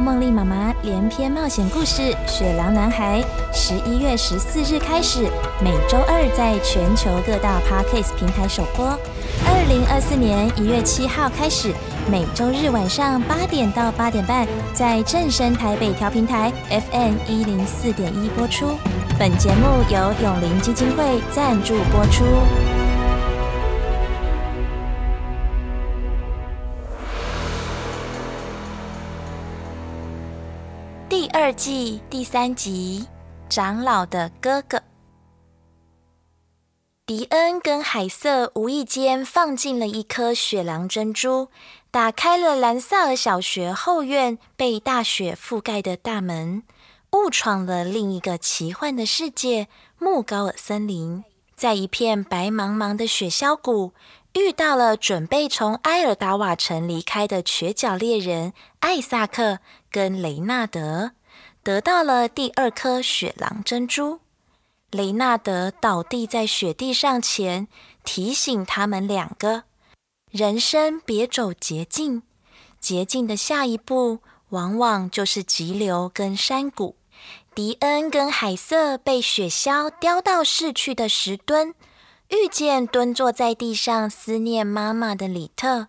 《夢莉媽媽連篇冒險故事：雪狼男孩》，十一月十四日開始，每周二在全球各大 Podcast 平台首播。二零二四年一月七號開始，每周日晚上八點到八點半，在正聲台北調頻台 FM 一零四點一播出。本節目由永齡基金會贊助播出。第二季第三集，《長老的哥哥》迪恩跟海瑟無意間放進了一顆雪狼珍珠，打開了蘭薩爾小學後院被大雪覆蓋的大門，誤闖了另一個奇幻的世界——木高爾森林。在一片白茫茫的雪橇谷，遇到了準備從埃爾達瓦城離開的瘸腳獵人艾薩克跟雷納德。得到了第二顆雪狼珍珠，雷納德倒地在雪地上前，提醒他們兩個：人生別走捷徑，捷徑的下一步往往就是急流跟山谷。迪恩跟海瑟被雪橇叼到逝去的石墩，遇見蹲坐在地上思念媽媽的李特，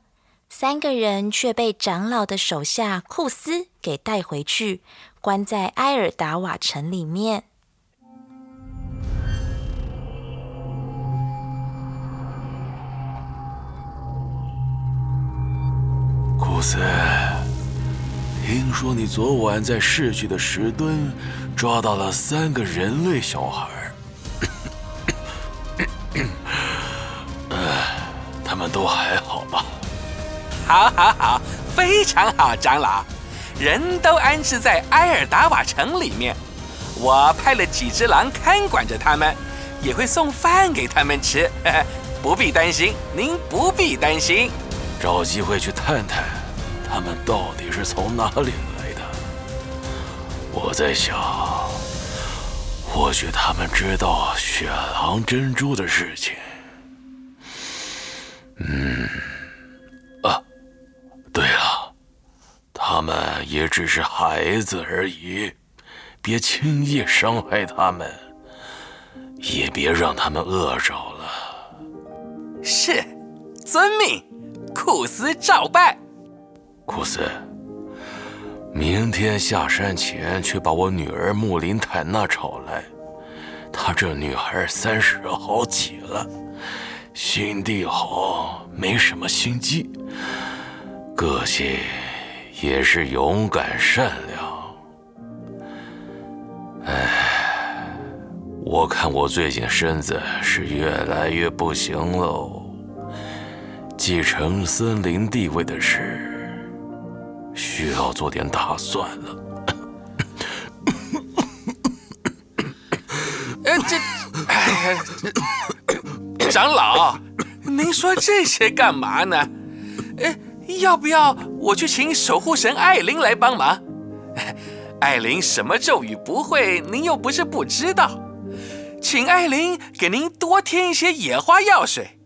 三個人卻被長老的手下庫斯給帶回去。關在埃爾達瓦城裡面。庫斯，聽說你昨晚在逝去的石墩抓到了三個人類小孩， 他們都還好吧？好，好，好，非常好，長老。人都安置在埃爾達瓦城裡面，我派了幾隻狼看管着他們，也會送飯給他們吃， 不必擔心，您不必擔心。找機會去探探，他們到底是從哪裡來的？我在想，或許他們知道雪狼珍珠的事情。也只是孩子而已，別輕易傷害他們，也別讓他們餓着了。是，遵命，庫斯照辦。庫斯，明天下山前去把我女兒穆林坦娜找來。她這女孩三十好幾了，心地好，沒什麼心機，個性。也是勇敢善良。哎，我看我最近身子是越來越不行嘍。繼承森林地位的事，需要做點打算了唉。哎，這，長老，您說這些幹嘛呢？哎。要不要我去請守護神艾琳來幫忙？艾琳什麼咒語不會？您又不是不知道，請艾琳給您多添一些野花藥水，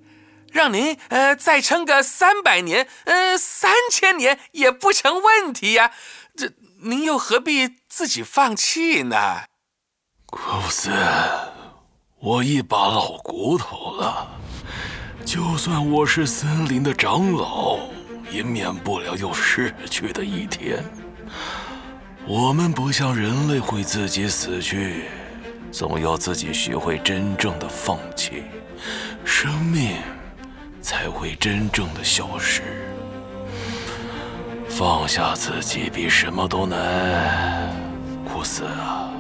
讓您呃再撐個三百年，呃三千年也不成問題呀。這您又何必自己放棄呢？庫布斯，我一把老骨頭了，就算我是森林的長老，也免不了有逝去的一天。我們不像人類會自己死去，總要自己學會真正的放棄，生命才會真正的消失。放下自己比什麼都難，古斯啊，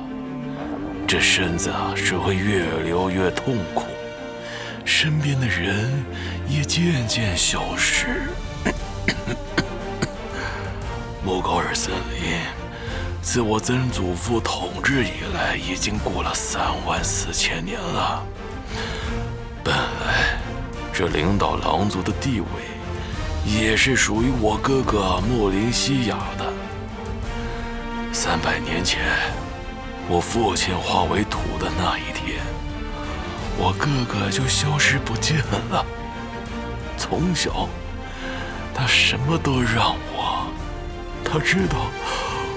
這身子啊只會越留越痛苦，身邊的人也漸漸消失。莫高爾森林自我曾祖父統治以來，已經過了三萬四千年了。本來，這領導狼族的地位也是屬於我哥哥莫林西亞的。三百年前，我父親化為土的那一天，我哥哥就消失不見了。從小，他什麼都讓我。他知道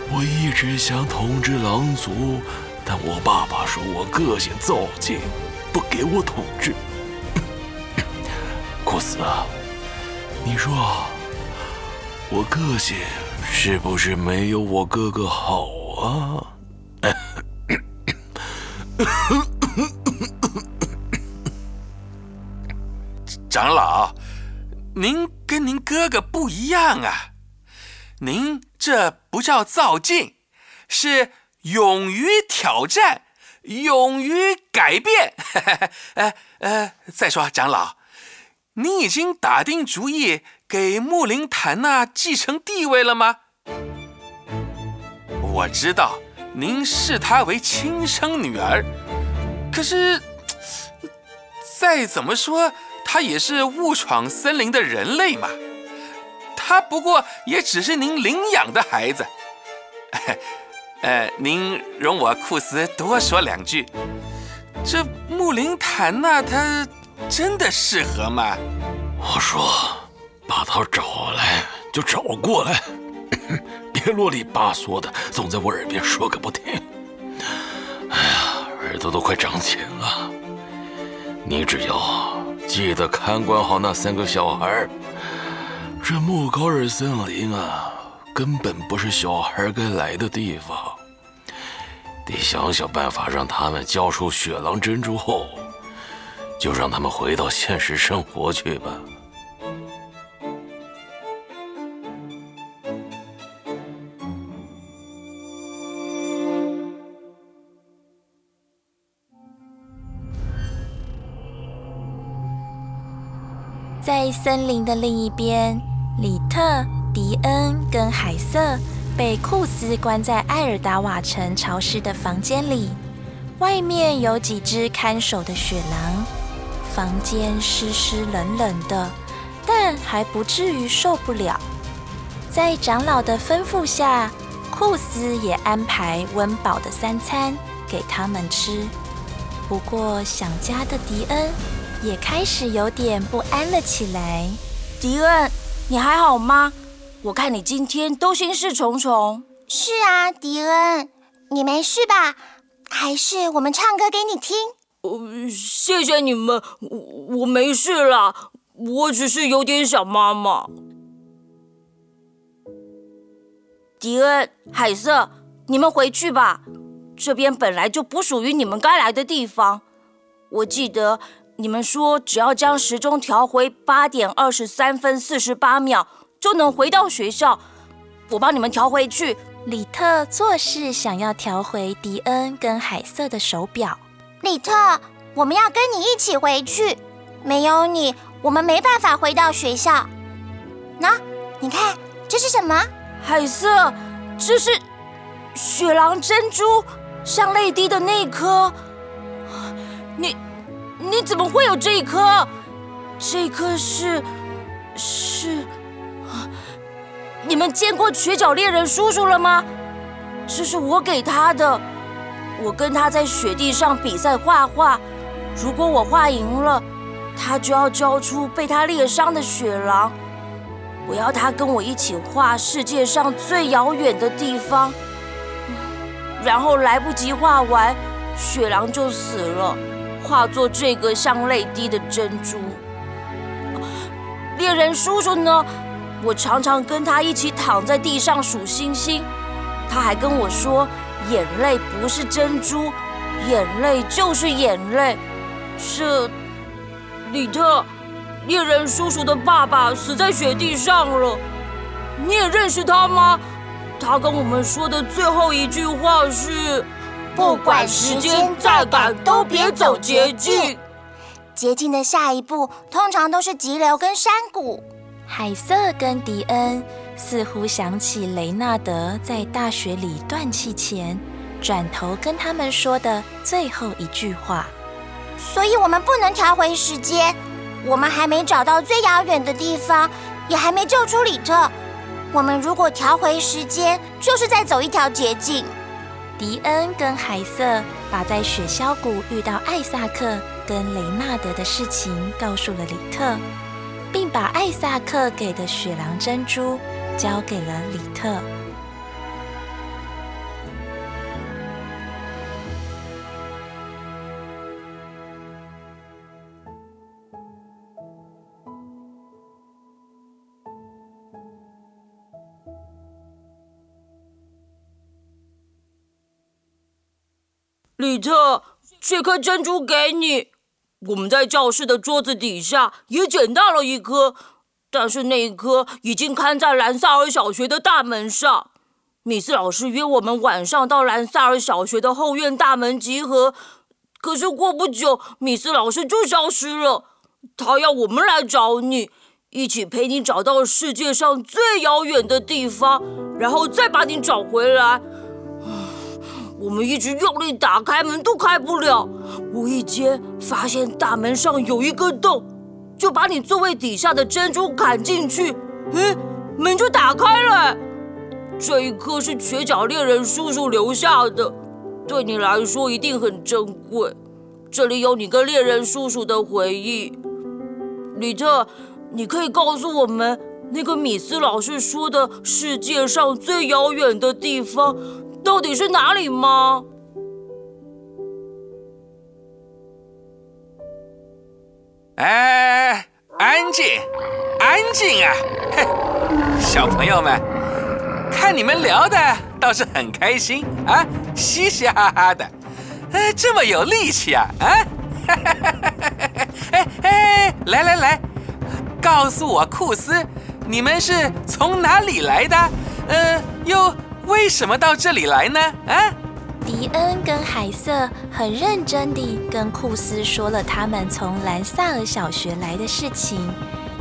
我一直想統治狼族，但我爸爸說我個性躁進，不給我統治。 庫斯，你說我個性是不是沒有我哥哥好啊？ 長老，您跟您哥哥不一樣啊。您這不叫造勁，是勇於挑戰，勇於改變。哎 呃，呃，再說長老，您已經打定主意給木林坦娜繼承地位了嗎？我知道您視她為親生女兒，可是再怎麼說，她也是誤闖森林的人類嘛。他不過也只是您領養的孩子， 呃，您容我庫斯多說兩句。這木林檀吶，他真的適合嗎？我說，把他找來就找過來， 別囉裡吧嗦的，總在我耳邊說個不停。哎呀，耳朵都快長繭了。你只要記得看管好那三個小孩。這莫高爾森林啊，根本不是小孩該來的地方。得想想辦法，讓他們交出雪狼珍珠後，就讓他們回到現實生活去吧。在森林的另一邊。裡特、迪恩跟海瑟被庫斯關在埃爾達瓦城潮濕的房間裡，外面有幾只看守的雪狼。房間濕濕冷冷冷的，但還不至於受不了。在長老的吩咐下，庫斯也安排溫飽的三餐給他們吃。不過，想家的迪恩也開始有點不安了起來。迪恩。你還好嗎？我看你今天都心事重重。是啊，迪恩，你沒事吧？還是我們唱歌給你聽？呃，謝謝你們，我，我沒事啦，我只是有點想媽媽。迪恩，海瑟，你們回去吧，這邊本來就不屬於你們該來的地方。我記得。你們說，只要將時鐘調回八點二十三分四十八秒，就能回到學校。我幫你們調回去。里特做事想要調回迪恩跟海瑟的手錶。里特，我們要跟你一起回去。沒有你，我們沒辦法回到學校。那、呃、你看這是什麼？海瑟，這是雪狼珍珠，像淚滴的那顆。你。你怎麼會有這一顆？這一顆是，是，你們見過瘸腳獵人叔叔了嗎？這是我給他的。我跟他在雪地上比賽畫畫，如果我畫贏了，他就要交出被他獵傷的雪狼。我要他跟我一起畫世界上最遙遠的地方，然後來不及畫完，雪狼就死了。化作這個像淚滴的珍珠，啊。獵人叔叔呢？我常常跟他一起躺在地上數星星。他還跟我說，眼淚不是珍珠，眼淚就是眼淚。是里特，獵人叔叔的爸爸死在雪地上了。你也認識他嗎？他跟我們說的最後一句話是。不管時間再趕，都別走捷徑。捷徑的下一步，通常都是急流跟山谷。海瑟跟迪恩似乎想起雷納德在大雪裡斷氣前，轉頭跟他們說的最後一句話。所以，我們不能調回時間。我們還沒找到最遙遠的地方，也還沒救出里特。我們如果調回時間，就是在走一條捷徑。迪恩跟海瑟把在雪橇谷遇到艾薩克跟雷納德的事情告訴了里特，並把艾薩克給的雪狼珍珠交給了里特。李特，這顆珍珠給你。我們在教室的桌子底下也撿到了一顆，但是那一顆已經看在蘭薩爾小學的大門上。米斯老師約我們晚上到蘭薩爾小學的後院大門集合，可是過不久，米斯老師就消失了。他要我們來找你，一起陪你找到世界上最遙遠的地方，然後再把你找回來。我們一直用力打開門都開不了，無意間發現大門上有一個洞，就把你座位底下的珍珠砍進去，嗯，門就打開了。這一顆是瘸腳獵人叔叔留下的，對你來說一定很珍貴。這裡有你跟獵人叔叔的回憶，李特，你可以告訴我們，那個米斯老師說的世界上最遙遠的地方到底是哪裡嗎？哎，安靜，安靜啊！嘿，小朋友們，看你們聊的倒是很開心啊，嘻嘻哈哈的，哎，這麼有力氣啊！啊，嘿嘿嘿。哎哎，來來來，告訴我庫斯，你們是從哪裡來的？嗯、呃，又。為什麼到這裡來呢？啊，迪恩跟海瑟很認真地跟庫斯說了他們從蘭薩爾小學來的事情。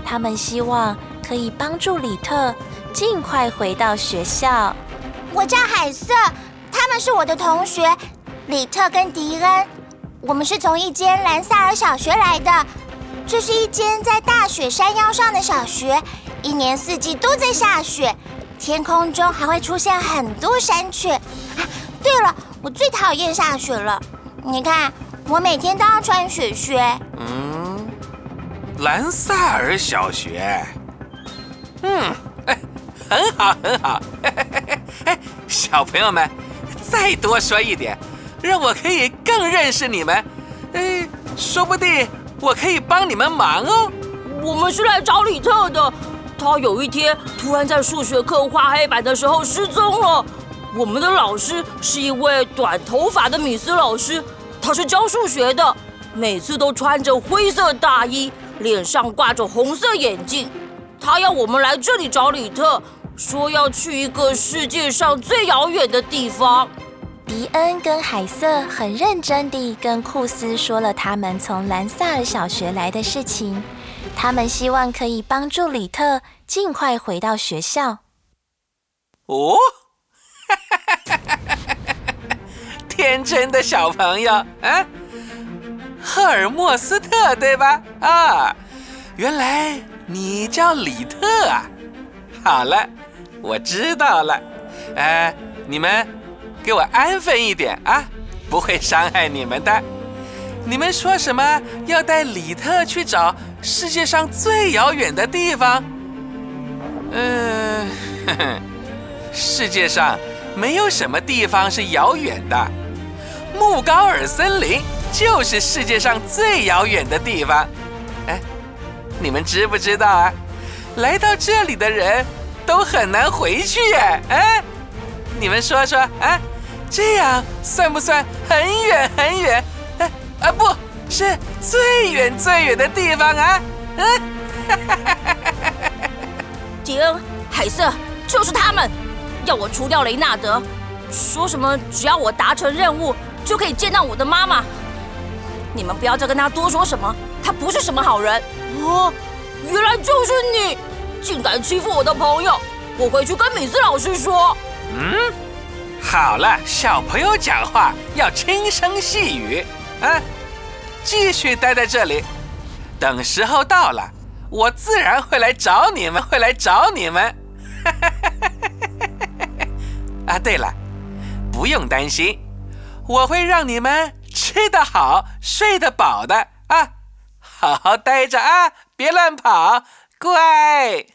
他們希望可以幫助裡特盡快回到學校。我叫海瑟，他們是我的同學，裡特跟迪恩。我們是從一間蘭薩爾小學來的，這是一間在大雪山腰上的小學，一年四季都在下雪。天空中還會出現很多山雀。啊，對了，我最討厭下雪了。你看，我每天都要穿雪靴。嗯，蘭薩爾小學。嗯，哎，很好，很好。嘿，嘿。小朋友們，再多說一點，讓我可以更認識你們。哎，說不定我可以幫你們忙哦。我們是來找李特的。他有一天突然在數學課畫黑板的時候失蹤了。我們的老師是一位短頭髮的米斯老師，他是教數學的，每次都穿着灰色大衣，臉上掛着紅色眼鏡。他要我們來這裡找里特，說要去一個世界上最遙遠的地方。迪恩跟海瑟很認真地跟庫斯說了他們從蘭薩爾小學來的事情。他們希望可以幫助李特儘快回到學校。哦， 天真的小朋友啊，赫爾墨斯特，對吧？啊，原來你叫李特啊。好了，我知道了。哎、呃，你們給我安分一點啊，不會傷害你們的。你們說什麼？要帶李特去找世界上最遙遠的地方？嗯，呵呵，世界上沒有什麼地方是遙遠的，木高爾森林就是世界上最遙遠的地方。哎，你們知不知道啊？來到這裡的人都很難回去。哎哎，你們說說啊，這樣算不算很遠很遠？啊，不是最遠最遠的地方啊！嗯，吉 恩、嗯、海瑟，就是他們，要我除掉雷納德，說什麼只要我達成任務就可以見到我的媽媽。你們不要再跟他多說什麼，他不是什麼好人。哦，原來就是你，竟敢欺負我的朋友！我回去跟米斯老師說。嗯，好了，小朋友講話要輕聲細語。啊，繼續待在這裡，等時候到了，我自然會來找你們，會來找你們。 啊，對了，不用擔心，我會讓你們吃得好、睡得飽的啊！好好待着啊，別亂跑，乖。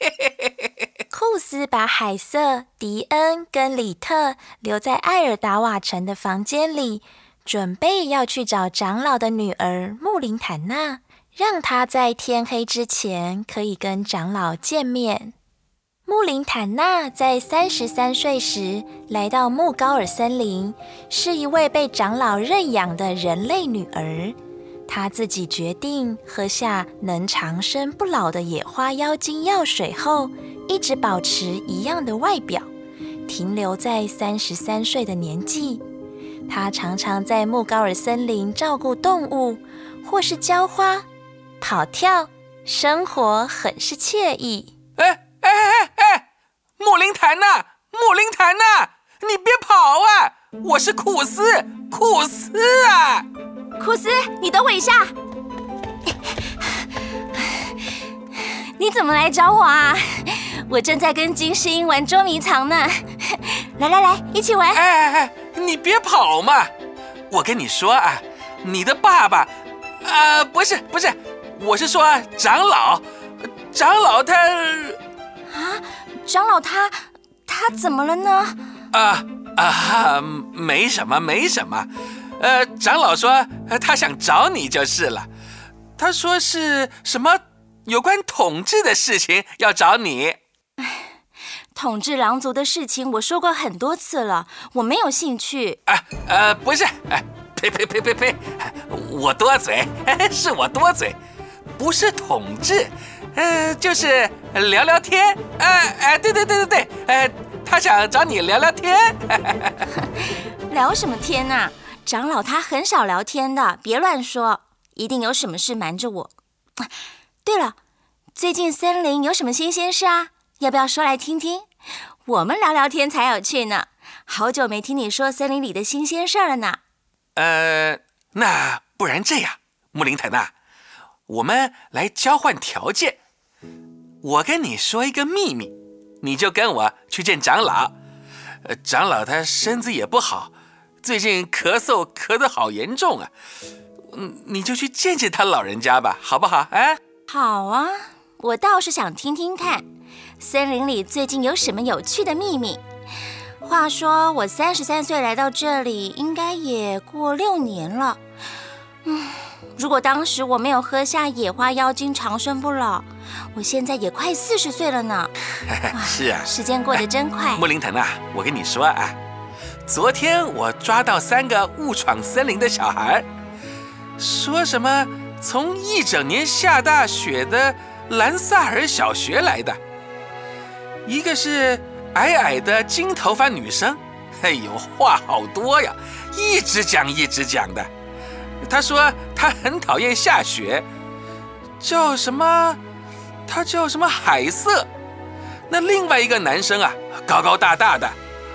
庫斯把海瑟、迪恩跟里特留在艾爾達瓦城的房間裡。準備要去找長老的女兒穆林坦娜，讓她在天黑之前可以跟長老見面。穆林坦娜在三十三歲時來到穆高爾森林，是一位被長老認養的人類女兒。她自己決定喝下能長生不老的野花妖精藥水後，一直保持一樣的外表，停留在三十三歲的年紀。他常常在木高爾森林照顧動物，或是澆花、跑跳，生活很是愜意。哎哎哎哎，哎，木靈檀吶，木靈檀吶，你別跑啊！我是庫斯，庫斯啊！庫斯，你等我一下， 你怎麼來找我啊？我正在跟金世英玩捉迷藏呢， 來來來，一起玩！哎哎哎！你別跑嘛！我跟你說啊，你的爸爸，啊、呃，不是不是，我是說長老，長老他，啊，長老他，他怎麼了呢？啊、呃、啊、呃，沒什麼沒什麼，呃，長老說他想找你就是了，他說是什麼有關統治的事情要找你。統治狼族的事情，我說過很多次了，我沒有興趣。啊，呃，不是，哎，呸呸呸呸呸，我多嘴，呵呵，是我多嘴，不是統治，嗯、呃，就是聊聊天。啊、呃，哎、呃，對對對對對，呃，他想找你聊聊天。呵呵，聊什麼天吶？長老他很少聊天的，別亂說，一定有什麼事瞞着我。啊，對了，最近森林有什麼新鮮事啊？要不要說來聽聽？我們聊聊天才有趣呢。好久沒聽你說森林裡的新鮮事兒了呢。呃，那不然這樣，穆林坦啊，我們來交換條件。我跟你說一個秘密，你就跟我去見長老。長老他身子也不好，最近咳嗽咳得好嚴重啊。嗯，你就去見見他老人家吧，好不好？啊，好啊，我倒是想聽聽看。森林裡最近有什麼有趣的秘密？話說我三十三歲來到這裡，應該也過六年了。嗯，如果當時我沒有喝下野花妖精長生不老，我現在也快四十歲了呢。是啊，時間過得真快。哎，莫林騰啊，我跟你說啊，昨天我抓到三個誤闖森林的小孩，說什麼從一整年下大雪的蘭薩爾小學來的。一個是矮矮的金頭髮女生，哎呦，話好多呀，一直講一直講的。她說她很討厭下雪，叫什麼？他叫什麼？海瑟。那另外一個男生啊，高高大大的，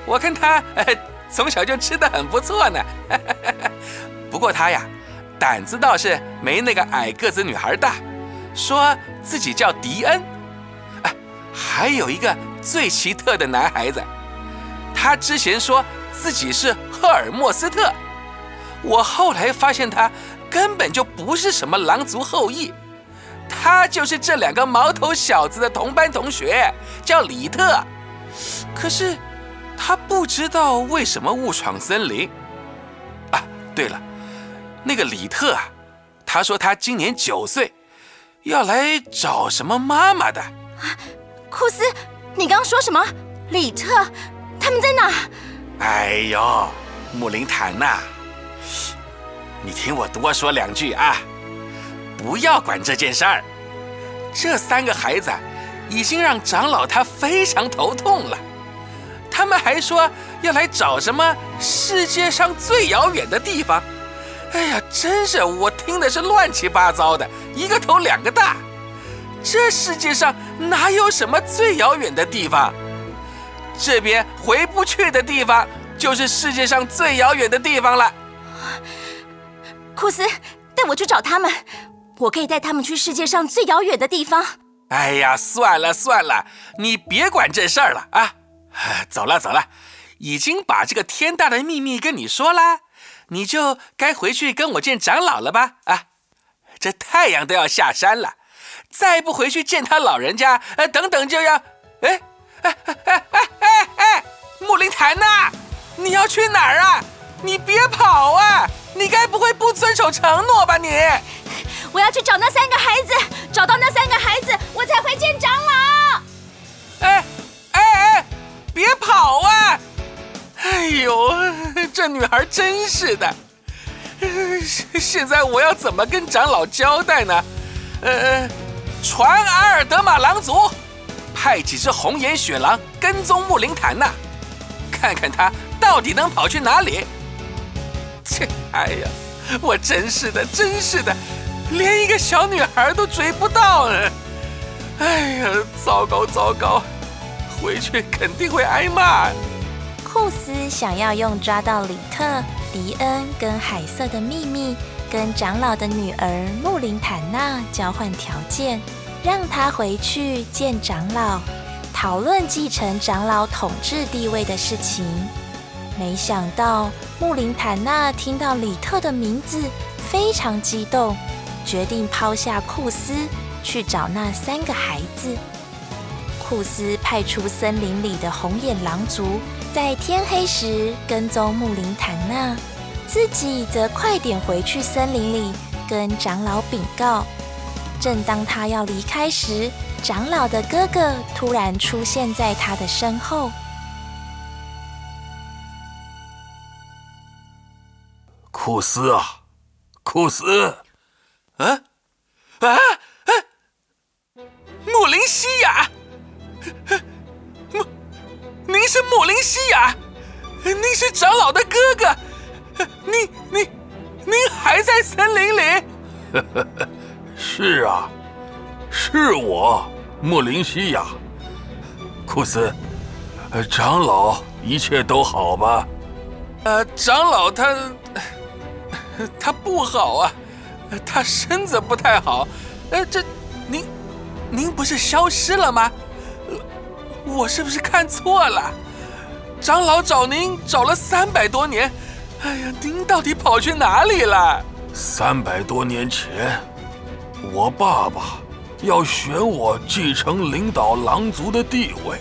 我看他、哎、從小就吃得很不錯呢。 不過他呀，膽子倒是沒那個矮個子女孩大，說自己叫迪恩。還有一個最奇特的男孩子，他之前說自己是赫爾墨斯特，我後來發現他根本就不是什麼狼族後裔，他就是這兩個毛頭小子的同班同學，叫李特。可是他不知道為什麼誤闖森林。啊，對了，那個李特啊，他說他今年九歲，要來找什麼媽媽的。啊庫斯，你剛剛說什麼？李特，他們在哪？哎呦，穆林潭吶，啊！你聽我多說兩句啊，不要管這件事兒。這三個孩子已經讓長老他非常頭痛了。他們還說要來找什麼世界上最遙遠的地方。哎呀，真是我聽的是亂七八糟的，一個頭兩個大。這世界上哪有什麼最遙遠的地方？這邊回不去的地方，就是世界上最遙遠的地方了。庫斯，帶我去找他們，我可以帶他們去世界上最遙遠的地方。哎呀，算了算了，你別管這事兒了啊！走了走了，已經把這個天大的秘密跟你說了，你就該回去跟我見長老了吧？啊，這太陽都要下山了。再不回去見他老人家，呃，等等就要，哎，哎，哎，哎，哎，哎，木靈壇呢？你要去哪兒啊？你別跑啊！你該不會不遵守承諾吧？你，我要去找那三個孩子，找到那三個孩子，我才會見長老。哎，哎哎，別跑啊！哎呦，這女孩真是的。現在我要怎麼跟長老交代呢？呃。傳阿爾德馬狼族，派幾隻紅眼雪狼跟蹤木林譚娜、啊，看看他到底能跑去哪裡。切，哎呀，我真是的，真是的，連一個小女孩都追不到哎、啊、呀，糟糕糟糕，回去肯定會挨罵。庫斯想要用抓到里特、迪恩跟海瑟的秘密。跟長老的女兒穆林坦娜交換條件，讓她回去見長老，討論繼承長老統治地位的事情。沒想到穆林坦娜聽到李特的名字，非常激動，決定拋下庫斯去找那三個孩子。庫斯派出森林裡的紅眼狼族，在天黑時跟蹤穆林坦娜。自己則快點回去森林裡跟長老稟告。正當他要離開時，長老的哥哥突然出現在他的身後。庫斯，啊，庫斯，啊啊啊！莫、啊、林西亞，啊、您是莫林西亞，您是長老的哥哥。您您您還在森林裡？ 是啊，是我，莫林西亞。庫斯，長老一切都好吧？呃，長老他他不好啊，他身子不太好。呃，這您您不是消失了嗎？呃，我是不是看錯了？長老找您找了三百多年。哎呀，您到底跑去哪裡了？三百多年前，我爸爸要選我繼承領導狼族的地位。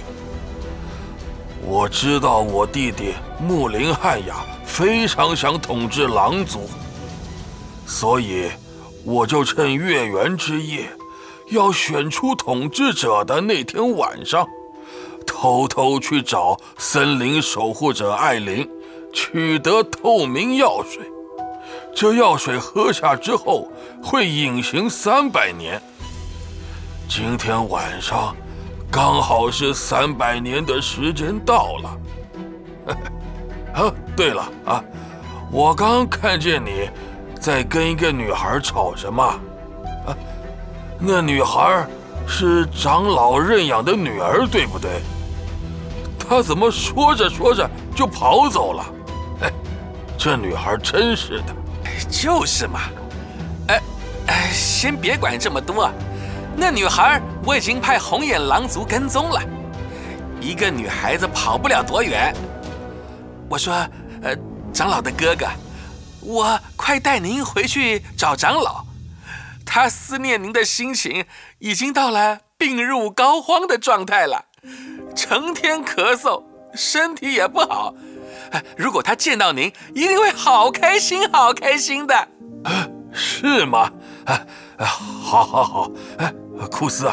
我知道我弟弟木林漢雅非常想統治狼族，所以我就趁月圓之夜，要選出統治者的那天晚上，偷偷去找森林守護者艾琳。取得透明藥水，這藥水喝下之後會隱形三百年。今天晚上剛好是三百年的時間到了。呵呵啊，對了啊，我剛看見你在跟一個女孩吵什麼？啊，那女孩是長老認養的女兒，對不對？她怎麼說着說着就跑走了？這女孩真是的，就是嘛，哎、呃、哎、呃，先別管這麼多，那女孩我已經派紅眼狼族跟蹤了，一個女孩子跑不了多遠。我說，呃，長老的哥哥，我快帶您回去找長老，他思念您的心情已經到了病入膏肓的狀態了，成天咳嗽，身體也不好。如果他見到您，一定會好開心、好開心的，是嗎？哎，好、好、好！哎，庫斯，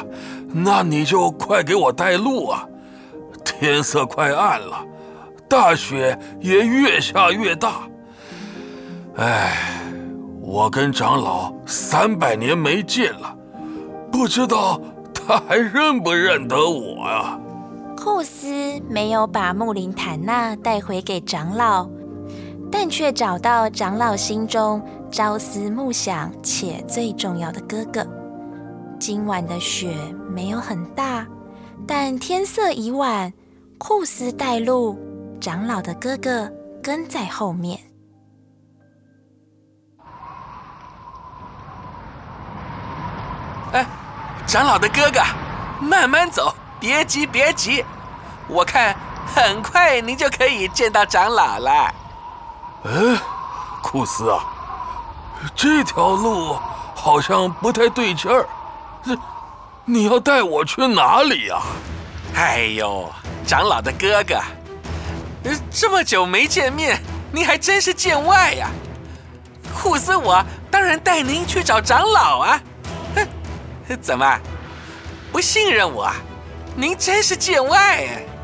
那你就快給我帶路啊！天色快暗了，大雪也越下越大。哎，我跟長老三百年沒見了，不知道他還認不認得我啊？庫斯沒有把穆林坦納帶回給長老，但卻找到長老心中朝思暮想且最重要的哥哥。今晚的雪沒有很大，但天色已晚。庫斯帶路，長老的哥哥跟在後面。哎，長老的哥哥，慢慢走，別急，別急。我看很快您就可以見到長老了。哎，嗯，庫斯啊，這條路好像不太對勁兒。這，你要帶我去哪裡呀？哎呦，長老的哥哥，這麼久沒見面，您還真是見外呀。庫斯，我當然帶您去找長老啊。哼，怎麼不信任我？您真是見外啊。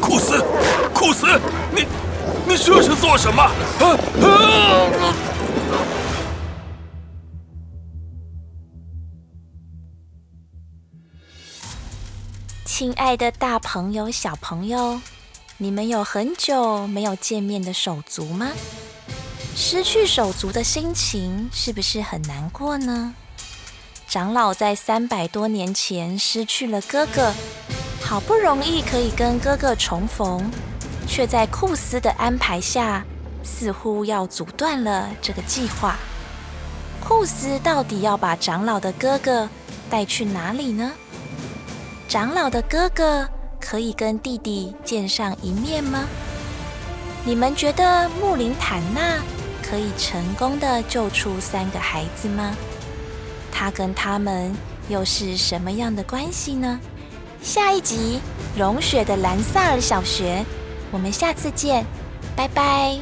庫斯，庫斯，你，你這是做什麼？啊啊！親愛的大朋友、小朋友，你們有很久沒有見面的手足嗎？失去手足的心情是不是很難過呢？長老在三百多年前失去了哥哥。好不容易可以跟哥哥重逢，卻在庫斯的安排下，似乎要阻斷了這個計劃。庫斯到底要把長老的哥哥帶去哪裡呢？長老的哥哥可以跟弟弟見上一面嗎？你們覺得穆林坦納可以成功的救出三個孩子嗎？他跟他們又是什麼樣的關係呢？下一集《融雪的蘭薩爾小學》，我們下次見，拜拜。